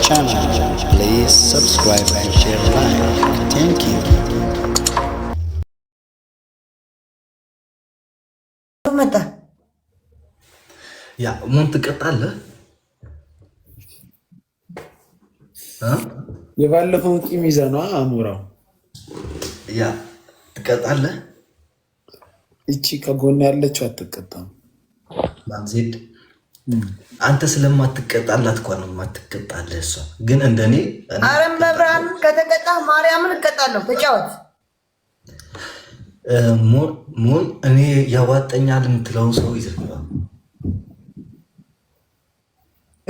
channel. Please subscribe and share like. Thank you. መጣ ያ ምን ትቀጣለህ? የባለፈውን ቂም ይዘህ ነዋ አሞራው። ያ ትቀጣለህ። እቺ ከጎን ያለችው አትቀጣም። ላምዜድ አንተ ስለማትቀጣላት እኮ ነው የማትቀጣልህ። እሷ ግን እንደኔ አረም መብራን ከተቀጣ ማርያምን እቀጣለሁ። ተጫወት ሞን እኔ ያዋጠኛል የምትለውን ሰው ይዘህ ግባ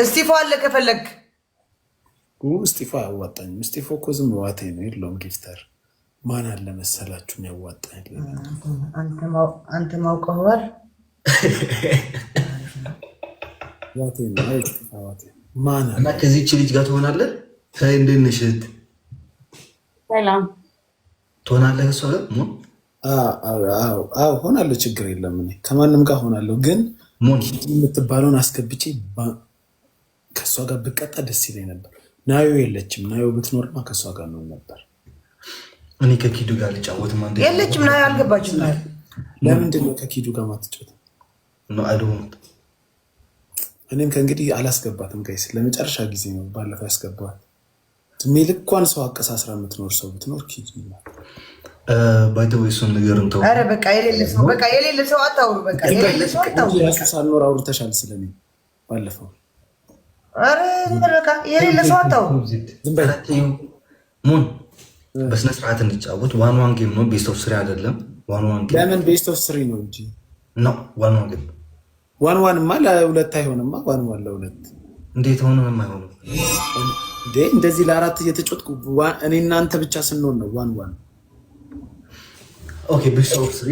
እስጢፎ አለ ከፈለግ እስጢፎ አያዋጣኝም። እስጢፎ እኮ ዝም ዋቴ ነው የለውም። ጊፍተር ማን አለ መሰላችሁ ያዋጣኝ? አንተ ማውቀዋል እና ከዚህች ልጅ ጋር ትሆናለህ? እንዴት ነሽ እህት? ትሆናለህ? እሷ ጋር ሆናለሁ። ችግር የለም። እኔ ከማንም ጋር ሆናለሁ፣ ግን የምትባለውን አስገብቼ ከእሷ ጋር ብቀጣ ደስ ይለኝ ነበር። ናዮ የለችም። ናዮ ብትኖርማ ከእሷ ጋር ነው ነበር። እኔ ከኪዱ ጋር ልጫወት የለችም። ናዩ አልገባችም። ለምንድን ነው ከኪዱ ጋር ማትጫወት? እኔም ከእንግዲህ አላስገባትም። ቀይስ ለመጨረሻ ጊዜ ነው ባለፈው ያስገባት። እድሜ ልኳን ሰው አቀሳስራ የምትኖር ሰው ብትኖር ኪጅ ባይተወይ እሱን ነገር እንተው። በቃ የሌለ ሰው አታውሩ። በቃ የሌለ ሰው አታውሩ። በቃ ሳልኖር አውርተሻል ስለኔ ባለፈው። ኧረ በቃ የሌለ ሰው አታውሩ። ሙን በስነ ስርዓት እንጫወት። ዋን ዋን ጌም ነው፣ ቤስት ኦፍ ስሪ አይደለም። ዋን ዋን ጌም ለምን ቤስት ኦፍ ስሪ ነው እንጂ ነው ዋን ዋን ጌም ዋን ዋንማ ለሁለት አይሆንማ። ዋን ዋን ለሁለት እንዴት ሆነ? የማይሆኑ እንዴ እንደዚህ ለአራት እየተጮጥኩ እኔ እናንተ ብቻ ስንሆን ነው ዋን ዋን። ኦኬ ኦፍ ስሪ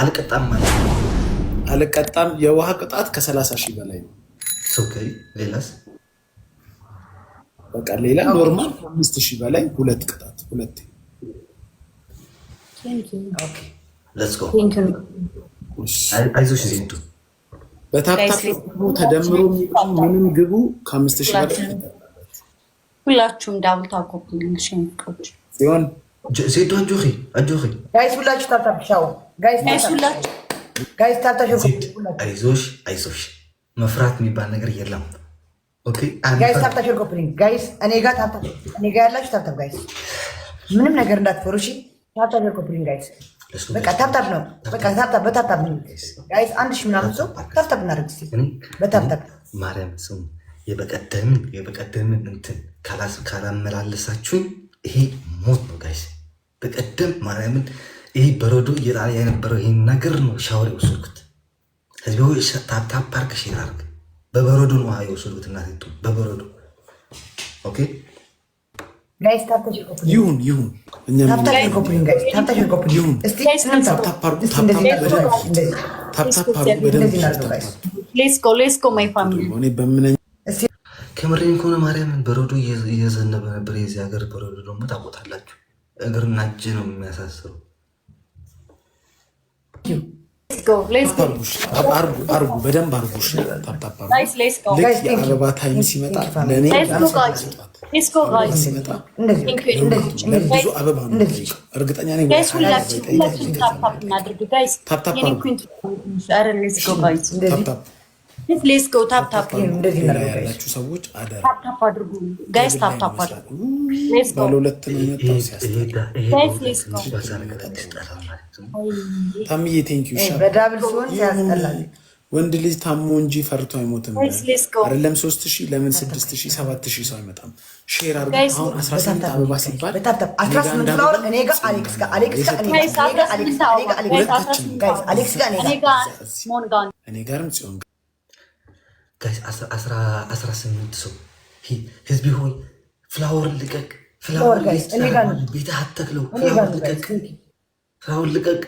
አልቀጣም ማለት አልቀጣም። የውሃ ቅጣት ከሰላሳ ሺህ በላይ ነው። ሌላስ በቃ ሌላ ኖርማል ከአምስት ሺህ በላይ ሁለት ቅጣት ሁለት ኦኬ ሌትስ ጎ አይዞሽ ዜንቱ በታፕታፕ ተደምሮ ምንም ግቡ ከአምስት ሺህ ጋር ሁላችሁም ዳብል ታኮፕልኝ ሲሆን ዜንቱ አንጆኺ አንጆኺ ጋይስ ሁላችሁ ታታብሻው ጋይስ ሁላችሁ ጋይስ ታታሽ አይዞሽ አይዞሽ መፍራት የሚባል ነገር የለም። ጋይስ ታብታሽ ኮፕሊንግ ጋይስ እኔ ጋር ታብታሽ እኔ ጋር ያላችሁ ታብታብ ጋይስ ምንም ነገር እንዳትፈሩ እሺ። ታብታሽ ኮፕሊንግ ጋይስ በቃ ታብታብ ነው። በቃ ታብታብ በታብታብ ጋይስ አንድ ሺህ ምናምን ሰው ታብታብ እናደርግ እስኪ በታብታብ ማርያም ሰው የበቀደምን የበቀደምን እንትን ካላመላለሳችሁኝ ይሄ ሞት ነው ጋይስ። በቀደም ማርያምን ይሄ በረዶ እየጣለ የነበረው ይሄን ነገር ነው ሻወር የወሰድኩት። ህዝቢ ታብታብ ፓርክ ሼር አርግ በበረዶ ነው የወሰድኩት። እናቴ በበረዶ ኦኬ ይሁን ይሁን ከምሬን ከሆነ ማርያምን በረዶ እየዘነበ ነበር። የዚህ ሀገር በረዶ ደግሞ ታቦታላችሁ። እግርና እጅ ነው የሚያሳስረው። አርጉ በደንብ አርጉሽ። የአረባ ታይም ሲመጣ ለእኔ ብዙ አበባ እርግጠኛ ያላችሁ ሰዎች ባለሁለት ነው የመጣው ሲያስጠላ ታምዬ ቴንኪው። በዳብል ያስጠላል። ወንድ ልጅ ታሞ እንጂ ፈርቶ አይሞትም። አይደለም ሶስት ሺህ ለምን ስድስት ሺህ ሰባት ሺህ ሰው አይመጣም። ሼር አርጉ። አሁን አስራ ስምንት አበባ ሲባል እኔ ጋርም ጽዮን አስራ ስምንት ሰው ህዝቢ ሆይ ፍላወር ልቀቅ፣ ፍላወር ቤት አተክለው ፍላወር ልቀቅ ስራውን ልቀቅ።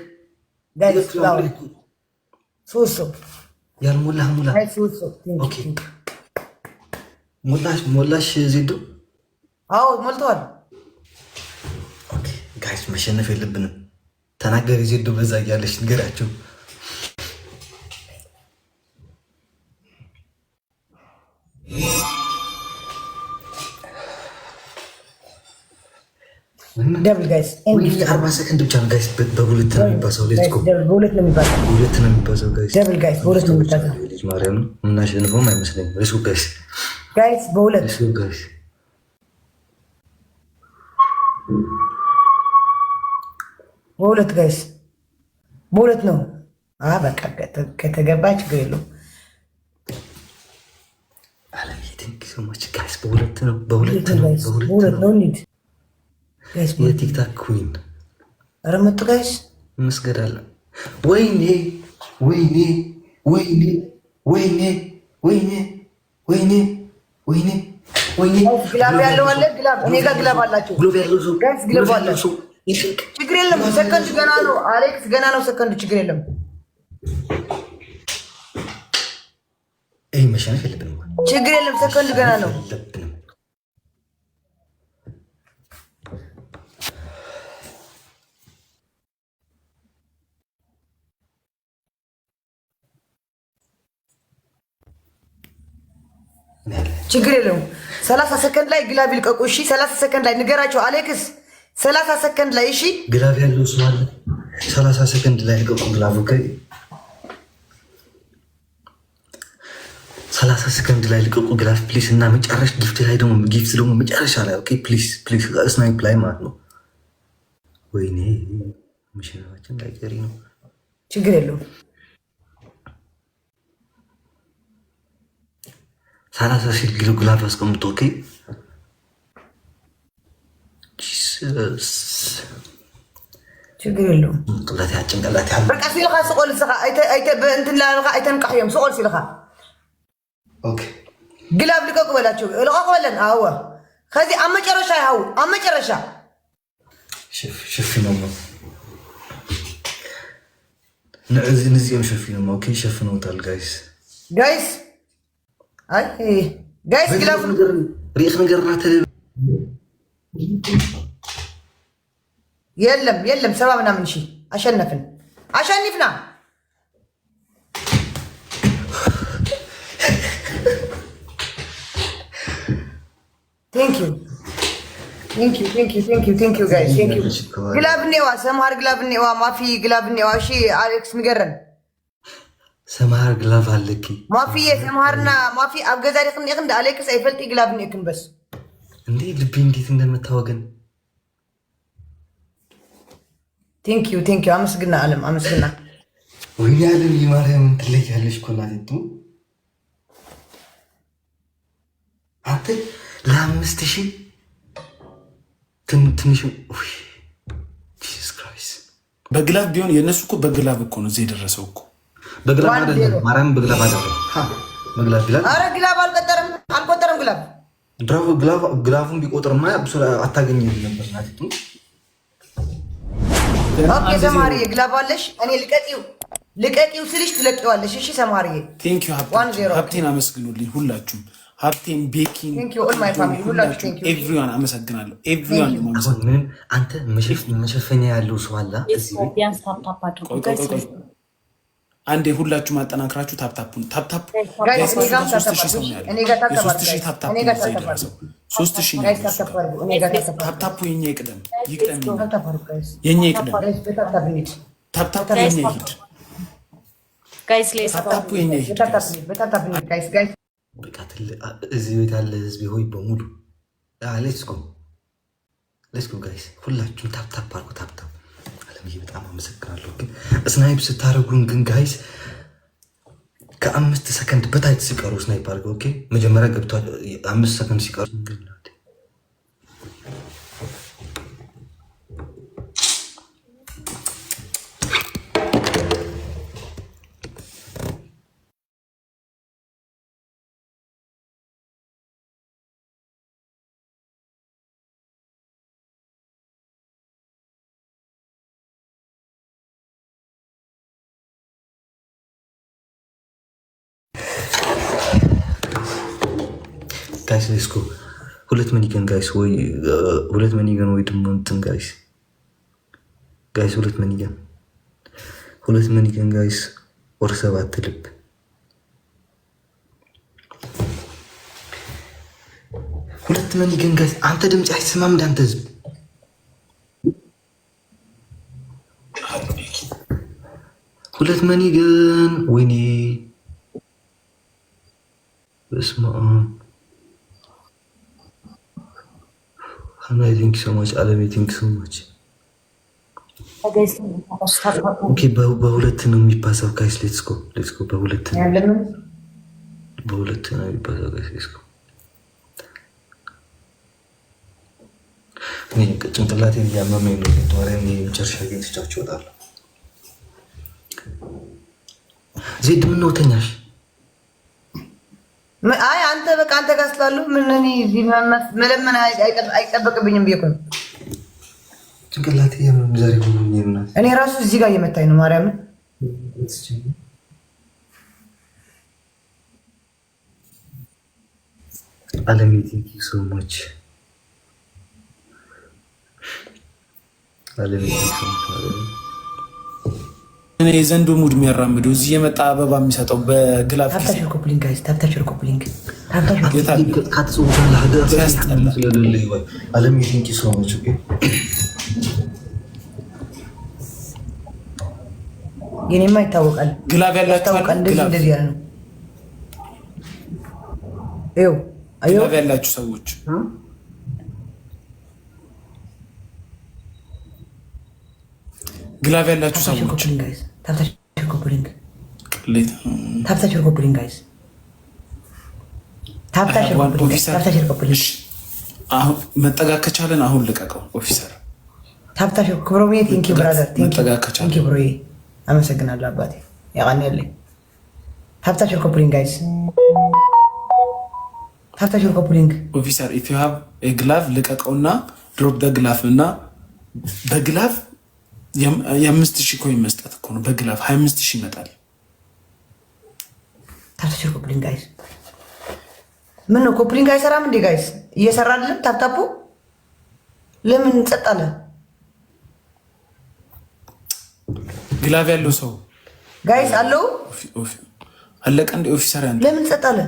ያልሞላህ ሙላ። ሞላሽ ዜዶ? አዎ ሞልተዋል። ጋይስ መሸነፍ የለብንም። ተናገሪ ዜዶ። በዛ እያለች ንገራቸው። ደብል ጋይስ አርባ ሰከንድ ብቻ ነው ጋይስ። በሁለት ነው የሚባሰው። በሁለት ነው የሚባሰው ጋይስ። ደብል ጋይስ በሁለት ነው የሚባሰው። ማርያም እናሸንፈውም አይመስለኝም። ሌትስ ጋይስ፣ ጋይስ በሁለት በሁለት ጋይስ በሁለት ነው። በቃ ከተገባ ችግር የለውም። በሁለት ነው በሁለት ነው በሁለት ነው የቲክታክ ኩን ረመጡ ጋይስ እንስገዳለን። ወይኔ ወይኔ ወይኔ ወይኔ ወይኔ ወይኔ ወይኔ ወይኔ ግላብ ያለው አለ። ግላብ እኔ ጋር ግላብ አላቸው። ግሎብ ያለው ሰው ግሎብ ያለው ሰው ችግር የለም። ሰከንድ ገና ነው። አሌክስ ገና ነው። ሰከንዱ ችግር የለም። ይህ መሸነፍ የለብንም። ችግር የለም። ሰከንድ ገና ነው። ችግር የለውም። ሰላሳ ሰከንድ ላይ ግላብ ይልቀቁ። እሺ፣ ሰላሳ ሰከንድ ላይ ንገራቸው። አሌክስ ሰላሳ ሰከንድ ላይ እሺ፣ ግላብ ያለው ሰው አለ። ሰላሳ ሰከንድ ላይ ልቀቁ ግላብ። ሰላሳ ሰከንድ ላይ ልቀቁ ግላብ ፕሊስ። እና መጨረሻ ጊፍት ላይ ደግሞ ጊፍት ደግሞ መጨረሻ ላይ ኦኬ፣ ፕሊስ ፕሊስ፣ ስናይፕ ላይ ማለት ነው። ወይኔ ምሽናችን ላይ ቀሪ ነው። ችግር የለውም። ሰላሳ ሺህ ኪሎ ግላፍ አስቀምጦ ኦኬ ችግር የለውም። ጭንቅላት በቃ ሲልካ ስቆል ስኻ እንትን ላልካ ኣይተንቃሕ እዮም ስቆል ሲልካ ግላብ ልቀቅ በላቸው ልቀቅ በለን ኣወ ከዚ ኣብ መጨረሻ ይሃው ኣብ መጨረሻ ሸፊኖሞ ንዕዚ ንዚኦም ሸፊኖሞ ሸፍኖታል ጋይስ ጋይስ አይ ጋይስ ግላፍ ሪክ ነገር የለም የለም፣ ሰባ ምናምን ሺህ አሸነፍን። አሸኒፍና ቴንክ ሰምሃር ግላብ ኔዋ ማፊ ግላብ ኔዋ። እሺ አሌክስ ንገረን ሰማር ግላፍ ኣለኪ ማፊ እየ ሰምሃርና ማፊ ኣብ ገዛ ዲክን ኢክን ኣሌክስ ኣይፈልጢ ግላፍ ኒክን በስ እንዴ ልቢ እንዴት እንደምታወግን ቴንክዩ ቴንክዩ አመስግና አለም አመስግና እዩ ማርያም የማርያም ትለያለሽ ኮላቴቱ አንተ ለአምስት ሺህ ትንሽ ጂሱስ ክራይስት በግላፍ ቢሆን የእነሱ እኮ በግላፍ እኮ ነው እዚህ የደረሰው እኮ በግላብ አይደለም፣ ማርያም በግላብ አይደለም። በግላብ ይላል። አረ ግላብ አልቆጠረም፣ አልቆጠረም። ግላብ ድራፍ ግላብ ግላቡን ቢቆጥርማ አታገኝም ነበር። ኦኬ፣ ሰማሪ ግላብ አለሽ። እኔ ልቀቂው ልቀቂው ስልሽ ትለቂዋለሽ። እሺ ሰማሪ፣ ቴንክ ዩ ሀብቴን አመስግኑልኝ ሁላችሁም። ሀብቴን ቤኪን ኤቭሪዋን አመሰግናለሁ። ኤቭሪዋን አንተ መሸፈኛ ያለው ሰው አላ አንድ ሁላችሁ ማጠናክራችሁ ታፕታፑን ታፕታፕ ታፕታፑ የኛ ይቅደም ይቅደም የኛ ይቅደም ታፕታፑ የኛ ይሂድ ታፕታፑ የኛ ይሂድ። እዚህ ቤት ያለ ህዝብ ሆይ በሙሉ ሌትስ ጎ ሌትስ ጎ ጋይስ ሁላችሁም ታፕታፕ አድርጉ ታፕታፕ ብዬ በጣም አመሰግናለሁ። ግን ስናይፕ ስታደርጉን ግን ጋይስ ከአምስት ሰከንድ በታች ሲቀሩ ስናይፕ አድርገው መጀመሪያ ገብቷል። አምስት ሰከንድ ሲቀሩ ግን ጋይስ ሌስኮ ሁለት መኒገን ጋይስ ወይ uh, ሁለት መኒገን ወይ ደሞ እንትን ጋይስ ጋይስ ሁለት መኒገን ሁለት መኒገን ጋይስ ወር ሰባት ልብ ሁለት መኒገን ጋይስ። አንተ ድምፅ አይሰማም እንዳንተ ህዝብ ሁለት መኒገን ወይኔ በስመ አብ እና አይ ቲንክ ሶ ማች አለም ቲንክ ሶ ማች ኦኬ። በሁለት ነው የሚባዛው። ጋይስ ሌትስ ጎ ሌትስ ጎ። በሁለት ነው በሁለት ነው የሚባዛው። ጋይስ ሌትስ ጎ። ጭንቅላቴን እያመመኝ ነው። ማርያም መጨረሻ ጌቶቻቸው ይወጣሉ። ዜድ ምነው ተኛሽ? አስባለሁ። ምን እኔ እዚህ መለመን አይጠበቅብኝም ብዬ እኮ ነው። ጭንቅላት እኔ ራሱ እዚህ ጋር እየመታኝ ነው ማርያም አለሚ ቲንክ ዩ ሶ ማች አለሚ እኔ የዘንዶ ሙድ የሚያራምዱ እዚህ የመጣ አበባ የሚሰጠው በግላፍ የኔማ ይታወቃል። ግላፍ ያላችሁ ሰዎች ግላፍ ያላችሁ ሰዎች tap that your coupling. Tap that ከቻለን አሁን ልቀቀው ኦፊሰር። ታብታሽ ቲንኪ ብራዘር አመሰግናለሁ አባቴ ታብታሽ ኮፕሊንግ ጋይስ ታብታሽ ኮፕሊንግ ኦፊሰር ግላቭ ልቀቀውና ድሮፕ ደ ግላቭ እና በግላቭ የአምስት ሺህ ኮይን መስጠት እኮ ነው በግላፍ ሀያ አምስት ሺህ ይመጣል። ታፕታፕ ኮፕሊንግ ጋይስ ምን ነው ኮፕሊንግ አይሰራም እንዴ ጋይስ? እየሰራ አይደለም ታፕታፑ። ለምን ጸጥ ግላፍ ያለው ሰው ጋይስ አለው አለቀ። እንደ ኦፊሰር ያን ለምን ጸጥ አለ?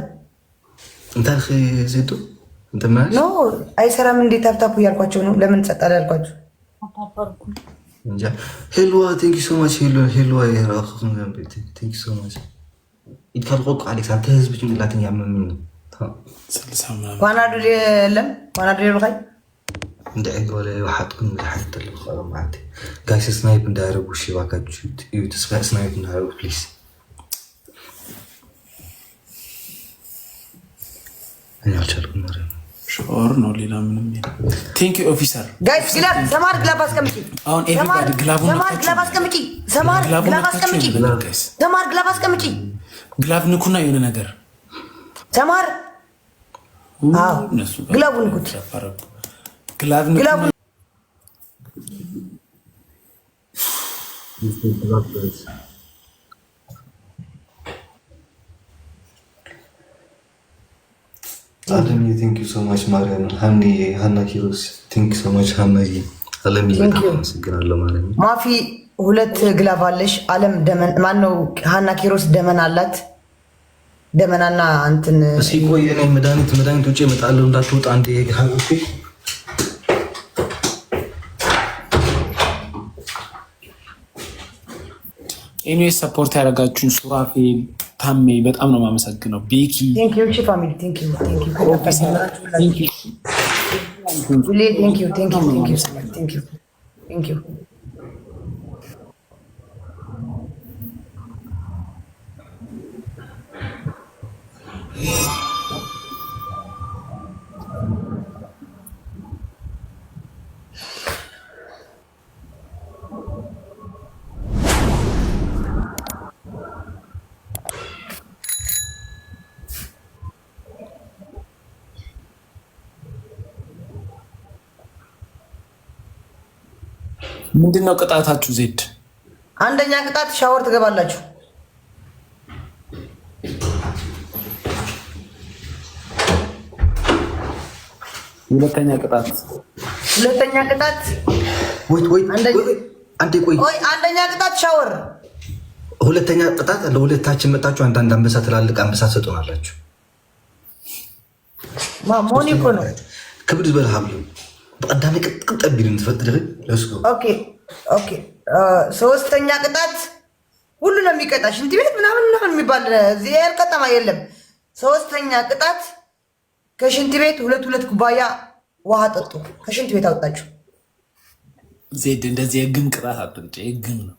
ዜጡ እንትማ ኖ አይሰራም እንዴ ታፕታፑ እያልኳቸው ነው። ለምን ጸጥ አለ ያልኳቸው من حلوه ثانك يو سو ماتش حلوه يا راخص من ذنبي ثانك يو سو ماتش يدخل قوق عليك سانت هزب جميل لاتن يعممني وانا ادري لم وانا ادري بخي ندعي ولا واحد كن لحد اللي بخير معتي جايس سنايب ندارب وشي واقع تشوت يو تسمع سنايب ندارب بليز انا عشان مريم ሾር ነው። ሌላ ምንም ቴንክ ዩ ኦፊሰር። ጋይስ ግላብ ዘማር ግላብ አስቀምጪ። አሁን ኤቨሪባዲ ግላቡን ዘማር ግላብ አስቀምጪ። ዘማር ግላብ አስቀምጪ። ዘማር ግላብ አስቀምጪ። ግላብ ንኩና የሆነ ነገር ዘማር አዎ፣ ግላቡን ንኩት። ግላብ ግላብ ግላብ አለምዬ ቴንክ ዩ ማርያም ሀና ኪሮስ ቴንክ ዩ አመሰግናለሁ። ማለት ነው ማፊ ሁለት ግላቭ አለሽ። አለም ደመን ማነው? ሀና ኪሮስ ደመን አላት። ደመናና እንትን ሲቆይ እኔ መድኃኒት መድኃኒት ውጭ እመጣለሁ። እንዳትወጣ አንድ የግሃ ኢኒዌይ ሰፖርት ያደረጋችሁን ሱራፌል ታሜ በጣም ነው የማመሰግነው። ቤኪ ፋሚሊ ምንድነው ቅጣታችሁ? ዜድ አንደኛ ቅጣት ሻወር ትገባላችሁ። ሁለተኛ ቅጣት ሁለተኛ ቅጣት ወይ ወይ አንዴ ቆይ ወይ አንደኛ ቅጣት ሻወር፣ ሁለተኛ ቅጣት ለሁለታችን መጣችሁ። አንዳንድ አንበሳ ትላልቅ አንበሳ ሰጡናላችሁ። ማሞኒ እኮ ነው ክብድ በልሃም ቀዳሚ ቅጥቅጥ ቢልን ትፈጥድህ ኦኬ ኦኬ ሶስተኛ ቅጣት ሁሉ ነው የሚቀጣ። ሽንት ቤት ምናምን ምናምን የሚባል እዚህ ያልቀጠማ የለም። ሶስተኛ ቅጣት ከሽንት ቤት ሁለት ሁለት ኩባያ ውሃ ጠጡ። ከሽንት ቤት አወጣችሁ። ዜድ እንደዚህ የግም ቅጣት አትምጭ። ግም ነው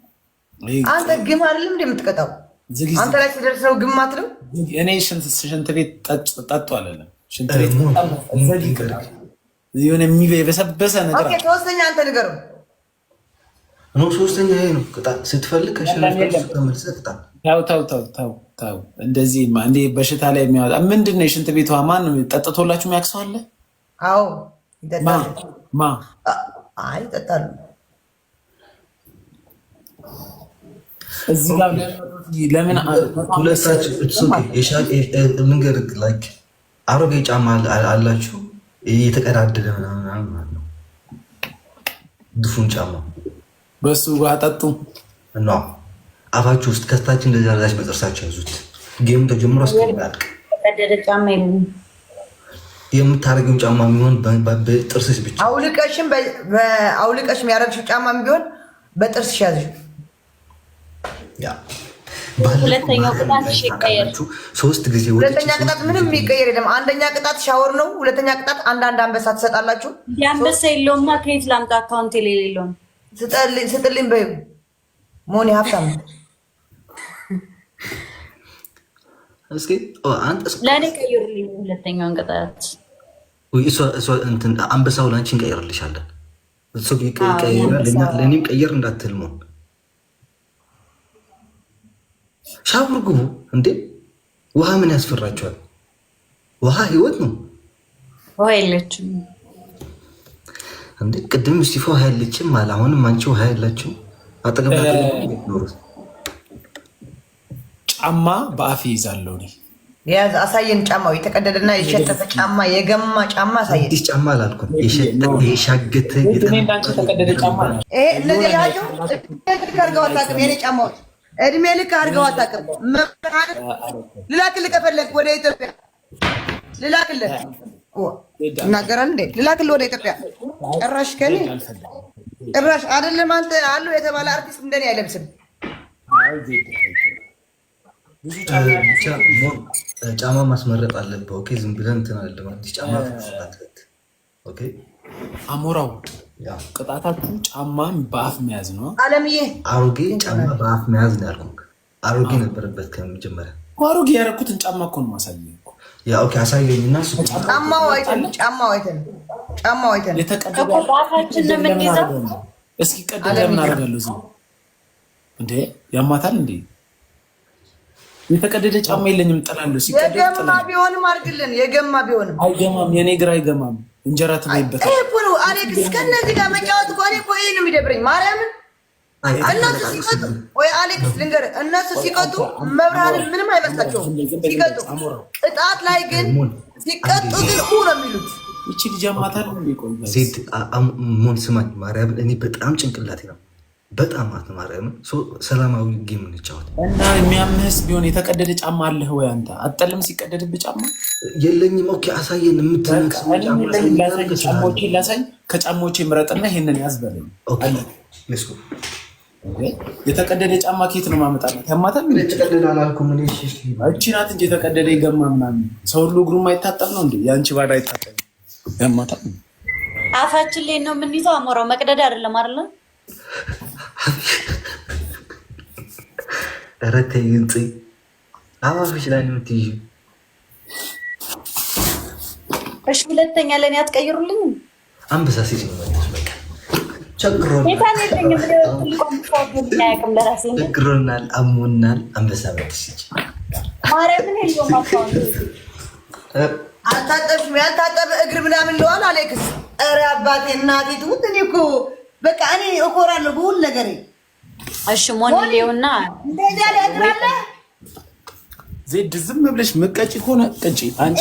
አንተ ግም አይደለም እንደ የምትቀጣው አንተ ላይ ሲደርሰው ግም አትልም። እኔ ሽንት ቤት ጠጡ አለለም። ሽንት ቤት የሆነ የሚበሰበሰ ነገር ሶስተኛ አንተ ንገረው ነው ሶስተኛ ይሄ ነው ቅጣት ስትፈልግ ከሸነፍቀመልሰ ተው ተው ተው ተው እንደዚህ እንዴ በሽታ ላይ የሚያወጣ ምንድን ነው የሽንት ቤቷ ማን ጠጥቶላችሁ የሚያክሰው አለ አዎ ማ አይ እዚህ ጋር ለምን ሁለታችሁ መንገድ ላይ አሮጌ ጫማ አላችሁ የተቀዳደደ ምናምን ነው ድፉን ጫማ በሱ ውሃ ጠጡ። እና አፋችሁ ውስጥ ከስታችን እንደዚህ አርጋች በጥርሳችሁ ያዙት። ጌም ተጀምሮ እስከሚያልቅ የምታደርገው ጫማ የሚሆን በጥርስሽ ብቻ አውልቀሽም አውልቀሽም ያረግሽው ጫማ ቢሆን በጥርስሽ ያዙ። ሁለተኛው ቅጣት ሶስት ጊዜ ሁለተኛ ቅጣት ምንም የሚቀየር የለም። አንደኛ ቅጣት ሻወር ነው። ሁለተኛ ቅጣት አንዳንድ አንበሳ ትሰጣላችሁ። የአንበሳ የለውማ ከየት ላምጣ? አካውንት የሌለውን ስጥልኝ በይው። ሞኒ ሀብታም እስኪ ለእኔ ቀይሩልኝ። ሁለተኛውን ቅጣት አንበሳው ለአንቺ እንቀይርልሻለን። ለእኔም ቀየር እንዳትልሙ። ሻወር ግቡ እንዴ! ውሃ ምን ያስፈራቸዋል? ውሃ ህይወት ነው። ውሃ የለችም። እንዴ ቅድም ስቲፎ ውሃ ያለችም አለ። አሁንም አንቺ ውሃ ያላችው አጠገብ ጫማ በአፌ ይዛለሁ እኔ አሳየን። ጫማው የተቀደደና የሸጠፈ ጫማ፣ የገማ ጫማ አሳየን። አዲስ ጫማ አላልኩም፣ የሸጠ የሻገተ የተቀደደ እድሜ ልክ አድርገው አታውቅም። ልላክልህ ከፈለግ ወደ ኢትዮጵያ ልላክልህ እናገራል እንዴ ወደ ኢትዮጵያ ጭራሽ ከኔ ጭራሽ አይደለም። አንተ አሉ የተባለ አርቲስት እንደኔ አይለብስም። ጫማ ማስመረጥ አለብህ። ኦኬ፣ ዝም ብለን እንትን አለ ማለት ጫማ ኦኬ። አሞራው ቅጣታችሁ ጫማን በአፍ መያዝ ነው። አለምዬ አሮጌ ጫማ በአፍ መያዝ ነው ያልኩህ። አሮጌ ነበረበት ከመጀመሪያ። አሮጌ ያደረኩትን ጫማ እኮ ነው ማሳየው አሳየኝ እና ጫማው አይተን ጫማው አይተን ጫማው አይተን ወይተን ባፋችን ነው የምንይዘው። እስኪ ቀደዳ ምን አደርጋለሁ? እዚህ እንዴ ያማታል እንዴ? የተቀደደ ጫማ የለኝም፣ ጥላለሁ። የገማ ቢሆንም አድርግልን። የገማ ቢሆንም አይገማም፣ የኔ ግራ አይገማም። እንጀራ ትበይበታል። ይሄ እኮ ነው አሌክስ፣ ከነዚህ ጋር መጫወት እኮ እኔ እኮ ይሄ ነው የሚደብረኝ ማርያምን እነሱ ሲቀጡ ወይ አሌክስ ልንገርህ፣ እነሱ ሲቀጡ መብርሃን ምንም አይመስላቸውም ሲቀጡ። ቅጣት ላይ ግን ሲቀጡ ግን ነው የሚሉት። ይቺ ልጅ አማታል ዜድ ሞን ስማኝ፣ ማርያምን እኔ በጣም ጭንቅላቴ ነው በጣም ማለት ነው። ሰላማዊ ጌም እንጫወት እና የሚያምህስ ቢሆን የተቀደደ ጫማ አለህ ወይ አንተ? አጠልም ሲቀደድብህ ጫማ የለኝም። ኦኬ አሳየን፣ የምትጫማዎችን ላሳይ። ከጫማዎች ምረጥና ይሄንን ያዝ በለኝ። የተቀደደ ጫማ ኬት ነው ማመጣለት? ያማታል። የተቀደደ አላልኩም እኔ። እቺ ናት እንጂ የተቀደደ ይገማ ምናምን ሰው ሁሉ እግሩ ማይታጠብ ነው እንዴ? የአንቺ ባዳ አይታጠብ ያማታል። አፋችን ላይ ነው የምንይዘው። አሞራው መቅደድ አይደለም አይደለ? ኧረ ተይ እንጂ አፋፍሽ ላይ ነው የምትይዥ። እሺ ሁለተኛ ለእኔ አትቀይሩልኝ። አንበሳ ሴት ነው ቸግሮናል፣ አሞናል። አንበሳ በትስጭ አልታጠብሽም? ያልታጠበ እግር ምናምን ለዋል አሌክስ። ኧረ አባቴ እናቴ ትሙት። እኔ እኮ በቃ እኔ እኮራለሁ በሁሉ ነገር። እሺ ሞኒሌውና እንደዚያ ሊያግራለ ዜድ ዝም ብለሽ ምቀጭ ከሆነ ቅጭ። አንቺ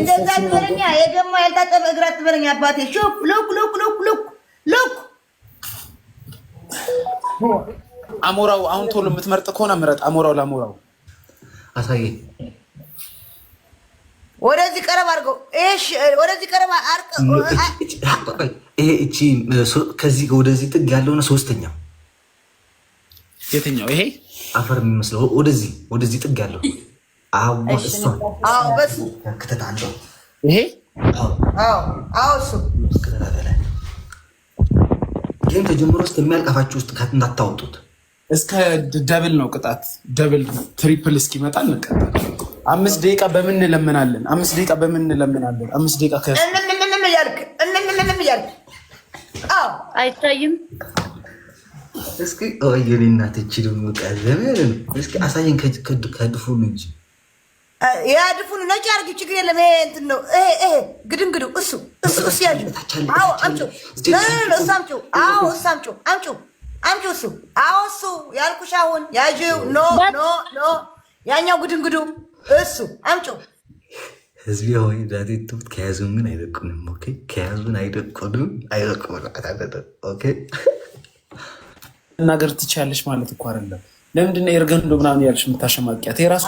እንደዛ ትበለኛ የገማ ያልታጠበ እግር አትበለኝ አባቴ። ሾክ ሎክ ሎክ ሎክ ሎክ ልኩ አሞራው አሁን ቶሎ የምትመርጥ ከሆነ ምረጥ። አሞራው ለአሞራው አሳየኝ። ወደዚህ ቀረብ አድርገው። ወደዚህ ቀረብ ከዚህ ወደዚህ ጥግ ያለሆነ ሶስተኛ የትኛው ይሄ አፈር የሚመስለው ወደዚህ ወደዚህ ጥግ ያለው ይሄ ይሄን ተጀምሮ እስከ የሚያልቀፋችሁ ውስጥ እንዳታወጡት። እስከ ደብል ነው ቅጣት፣ ደብል ትሪፕል እስኪመጣ እንቀጣ። አምስት ደቂቃ በምን እንለምናለን? አምስት ደቂቃ በምን እንለምናለን? አምስት ደቂቃ ከ አይታይም። እስኪ እናት ደግሞ ቃል እስኪ አሳየን ከድፉን እንጂ ያድፉን ነጭ አርጊ ችግር የለም። ይሄ እንትን ነው። ይሄ ይሄ ግድንግዱ እሱ እሱ እሱ ያጅ አዎ፣ አምጪው እሱ አምጪው። አዎ፣ እሱ አምጪው አምጪው አምጪው እሱ አዎ፣ እሱ ያልኩሽ አሁን ያዥው። ኖ ኖ ኖ ያኛው ግድንግዱ እሱ አምጪው። ህዝቢ ሆይ ዛቴ ትሁት ከያዙን ግን አይለቁንም። ኦኬ ከያዙን አይደቁንም፣ አይለቁም። ኦኬ መናገር ትችያለሽ ማለት እኮ አይደለም ለምንድን ነው ኤርገንዶ ምናምን ያልሽ የምታሸማቂያት? የራሷ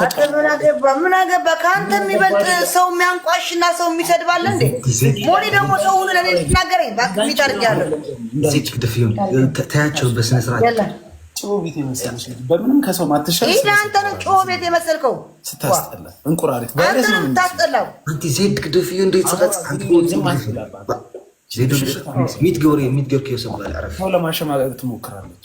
ምን አገባ? ከአንተ የሚበልጥ ሰው የሚያንቋሽ እና ሰው የሚሰድባለ እንዴ? ሞኒ ደግሞ ሰው ሁሉ ለኔ ልትናገር ተያቸው በስነ ስርዓት ጭቦ ቤት የመሰለች በምንም ከሰው ማትሻል። ነው ጭቦ ቤት የመሰልከው ስታስጠላ እንቁራሪት አንተንም ታስጠላው። ዜድ ግደፍ እንደ ጽረት ሚት ገ ሚት ገር ሰው ለማሸማቀቅ ትሞክራለች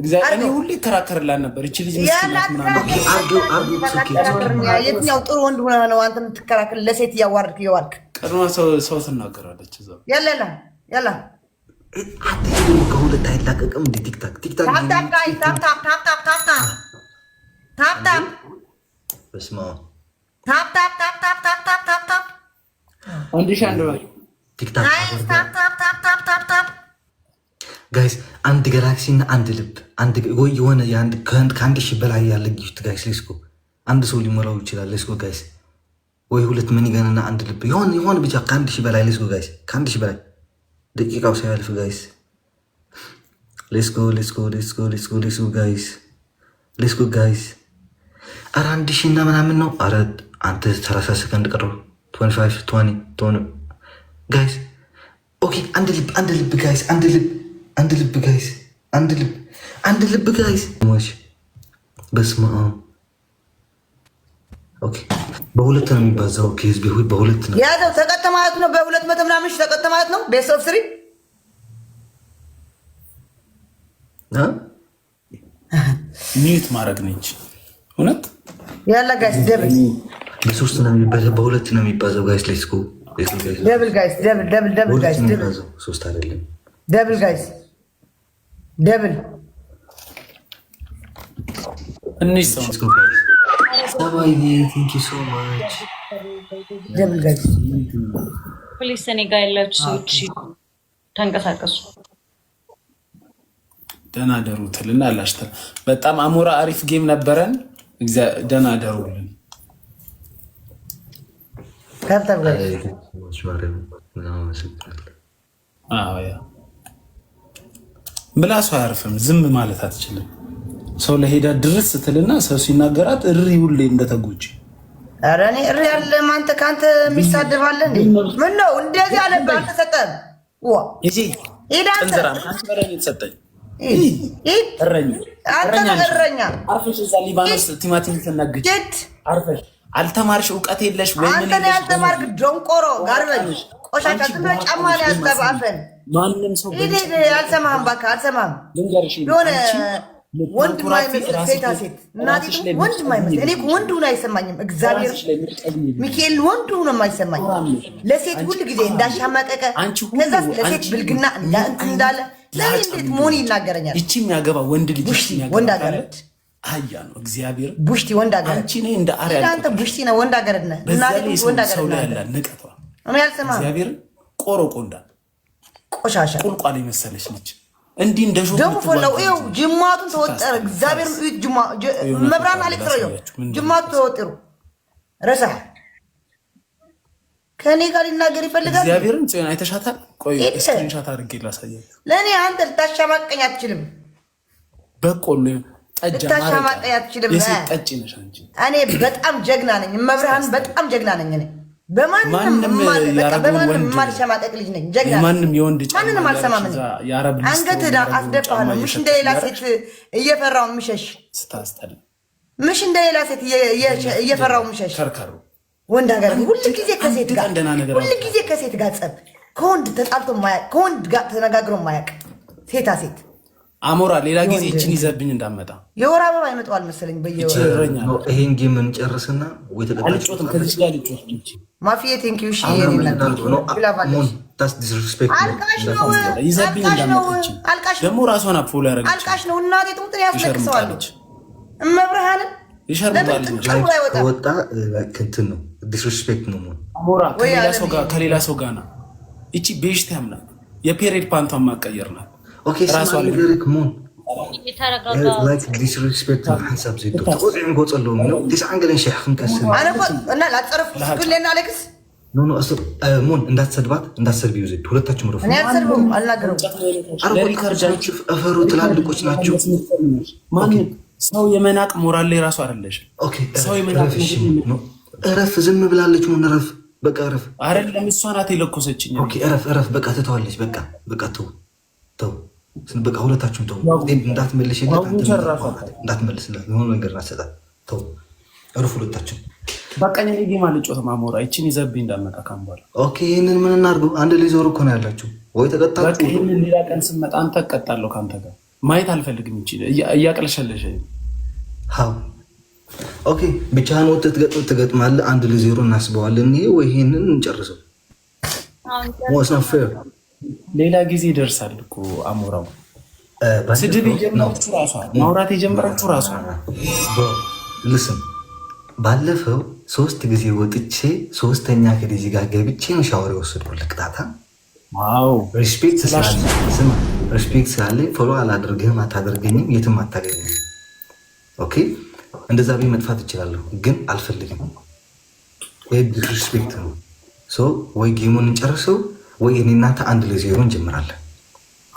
እግዚአብሔር ሁሌ ይከራከርላን ነበር። እቺ ልጅ የትኛው ጥሩ ወንድ ሆነ ነው አንተ የምትከራከር? ለሴት እያዋርድክ እየዋልክ ቀድማ ሰው ትናገራለች። ያለላ ያላ ከሁለት አይላቀቅም። እንደ ቲክታክ ቲክታክ ጋይስ አንድ ጋላክሲና እና አንድ ልብ የሆነ ከአንድ ሺህ በላይ ያለ ጊፍት ጋይስ ሌስኮ አንድ ሰው ሊሞላው ይችላል። ሌስኮ ጋይስ ወይ ሁለት ሚኒገን እና አንድ ልብ የሆነ የሆነ ብቻ ከአንድ ሺህ በላይ ሌስኮ ጋይስ ከአንድ ሺህ በላይ ደቂቃው ሳያልፍ ጋይስ ሌስኮ ሌስኮ ሌስኮ ሌስኮ ሌስኮ ጋይስ ሌስኮ ጋይስ አረ አንድ ሺህ እና ምናምን ነው። አረ አንተ ሰላሳ ሰከንድ ቀረው ጋይስ አንድ ልብ አንድ ልብ ጋይስ አንድ ልብ አንድ ልብ ጋይስ፣ አንድ ልብ፣ አንድ ልብ ጋይስ። በስመ አብ ኦኬ። በሁለት ነው የሚባዛው። ኦኬ ህዝቤ ሆይ በሁለት ነው ያዘው። ተቀተማለት ነው በሁለት መቶ ምናምን ተቀተማለት ነው። ቤስት ኦፍ ስሪ ሚዩት ማድረግ እንጂ እውነት ያለ ጋይስ ደብል በሶስት ነው የሚባዛው፣ በሁለት ነው የሚባዛው ጋይስ። ሌትስ ደብል ጋይስ፣ ደብል ደብል ደብል ጋይስ፣ ሶስት አይደለም ደብል ጋይስ ደብል እንሽ ሰው ደብል ጋይስ ፕሊስ፣ እኔ ያላችሁ ሰዎች ተንቀሳቀሱ። ደህና ደሩ ትልና በጣም አሞራ አሪፍ ጌም ነበረን። ደህና ደሩልን። ከብተብ ምላሱ አያርፍም። ዝም ማለት አትችልም። ሰው ለሄዳ ድርስ ስትልና ሰው ሲናገራት እሪ ሁሌ እንደተጎጂ ኧረ እኔ እሪ ያለ አንተ ከአንተ የሚሳደባለ ምን ነው እንደዚህ አለ አልተሰጠም። አልተማርሽ፣ እውቀት የለሽ። አንተ ያልተማርክ ደንቆሮ ጋርበኝ ቆሻሻ ጫማ ያዘባፈን ማንም ሰው አልሰማህም፣ በቃ ልንገርሽ የሆነ ወንድ ማይመስል ሴታ ሴት እናቴ ወንድ ማይመስል እኔ ወንድ ሁን አይሰማኝም። እግዚአብሔር ሚካኤል ወንድ ሁን የማይሰማኝ ለሴት ሁል ጊዜ እንዳሻመቀቀ ከዛ ለሴት ብልግና እንዳለ ዛሬ እንዴት መሆን ይናገረኛል። ይቺ የሚያገባ ወንድ ልጅ ወንድ አገረድ አያ ነው እግዚአብሔር ቡሽቲ ወንድ አገረድ አንቺ ነህ እንደ አሪያ አንተ ቡሽቲ ነህ ወንድ አገረድ ነ እናቴ ወንድ አገረድ ነ ነህ። እግዚአብሔር ቆሮቆ እንዳለ ቆሻሻ ቁልቋል የመሰለች ነች። እንዲህ እንደ ሾደሙፈለው ይው ጅማቱን ተወጠረ። እግዚአብሔር መብራን አሌጥረ ጅማቱ ተወጥሩ ረሳ ከእኔ ጋር ሊናገር ይፈልጋል። እግዚአብሔርን ጽዮን አይተሻታል። ቆይ ስክሪንሻት አድርጌ ላሳያችሁ። ለእኔ አንተ ልታሻማቀኝ አትችልም። በቆሎ ልታሻማቀኝ አትችልም። ጠጭ ነሽ አንቺ። እኔ በጣም ጀግና ነኝ። መብርሃን በጣም ጀግና ነኝ እኔ በማንም የማልሸማቀቅ ልጅ ነኝ። ማንም የወንድ ማንንም አልሰማምን። አንገት ዳ ምሽ እንደሌላ ሴት እየፈራው ምሸሽ ስታስጠል ምሽ እንደሌላ ሴት እየፈራው ምሸሽ ከርከሩ ወንድ ሀገር ሁል ጊዜ ከሴት ጋር ሁል ጊዜ ከሴት ጋር ጸብ ከወንድ ተጣልቶ ከወንድ ጋር ተነጋግሮ ማያቅ ሴታ ሴት አሞራ ሌላ ጊዜ እችን ይዘብኝ እንዳመጣ የወር አበባ ይመጣዋል መሰለኝ። ይሄን ጌም እንጨርስና ወይ ከዚች ጋር ልጮት ደግሞ ራሷን አፎሎ አልቃሽ ነው። እናቴ ያስለቅሰዋለች። እመብርሃንን ነው ዲስሪስፔክት ነው። አሞራ ከሌላ ሰው ጋር ና። ያምናል። የፔሬድ ፓንቷን ማቀየር ናት ሙን እንዳትሰድባት እንዳትሰድቢው ዘድ ሁለታችሁም ረፉ። እፈሩ። ትላልቆች ናችሁ። ሰው የመናቅ ሞራል ላይ ራሱ አለሽ። እረፍ። ዝም ብላለች። ሙን እረፍ። በቃ እረፍ። አይደለም እሷ ናት የለኮሰችኝ። እረፍ፣ እረፍ። በቃ ትተዋለች። በቃ በቃ ተው፣ ተው በቃ ሁለታችሁም ተው፣ እንዳትመልሽ እንዳትመልስላት የሆነ ነገር ናሰጣት ተው፣ እርፍ ሁለታችሁ በቃኝ። እኔ ጌማ ልጮት ማሞራ ይችን ይዘብ እንዳመጣ ካም በኋላ ኦኬ። ይህንን ምን እናድርገው? አንድ ላይ ዞር እኮ ነው ያላችሁ ወይ ተቀጣችሁ። ይህንን ሌላ ቀን ስመጣ አንተ እቀጣለሁ። ከአንተ ጋር ማየት አልፈልግም። ይች እያቅለሸለሸ ሀው ኦኬ። ብቻህን ወጥተህ ትገጥማለህ። አንድ ለዜሮ እናስበዋለን። ይሄ ወይ ይሄንን እንጨርሰው። ዋስናፌር ሌላ ጊዜ ይደርሳል እኮ አሞራው። ስድብ የጀመራችሁ ራሷ ማውራት የጀመራችሁ ራሷ። ባለፈው ሶስት ጊዜ ወጥቼ ሶስተኛ ከዲዚ ጋር ገብቼ ነው ሻወር የወሰድኩት። ልቅጣታ ሪስፔክት ስላለኝ ፎሎ አላደርግህም፣ አታደርገኝም፣ የትም አታገኝም። ኦኬ እንደዛ ቤ መጥፋት እችላለሁ፣ ግን አልፈልግም። ሪስፔክት ነው ወይ ጌሙን እንጨርሰው ወይ እኔ እናንተ አንድ ለዜሮ እንጀምራለን።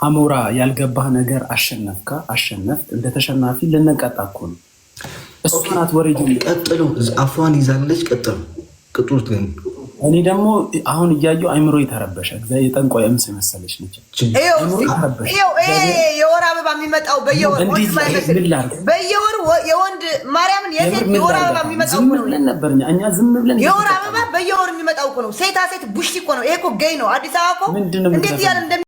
አሞራ ያልገባህ ነገር አሸነፍካ አሸነፍ እንደ ተሸናፊ ልንቀጣ እኮ ነው። እሷ ናት ወሬ ቀጥሉ። አፏን ይዛለች። ቀጥሉ ቅጡት ግን እኔ ደግሞ አሁን እያየው አይምሮ የተረበሸ የጠንቋይ እምስ የመሰለች ነች። የወር አበባ የሚመጣው በየወር የወንድ ማርያምን የሴት የወር አበባ የሚመጣው ነበር እኛ ዝም ብለን የወር አበባ በየወር የሚመጣው እኮ ነው። ሴታ ሴት ቡሽቲ እኮ ነው። ይሄ እኮ ገይ ነው። አዲስ አበባ እኮ እንዴት እያለ እንደሚ